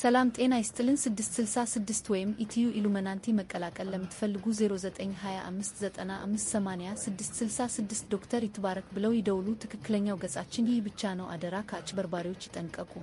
ሰላም ጤና ይስጥልን 666 ወይም ኢትዩ ኢሉመናንቲ መቀላቀል ለምትፈልጉ 0925958666 ዶክተር ይትባረክ ብለው ይደውሉ። ትክክለኛው ገጻችን ይህ ብቻ ነው። አደራ ከአጭበርባሪዎች ይጠንቀቁ።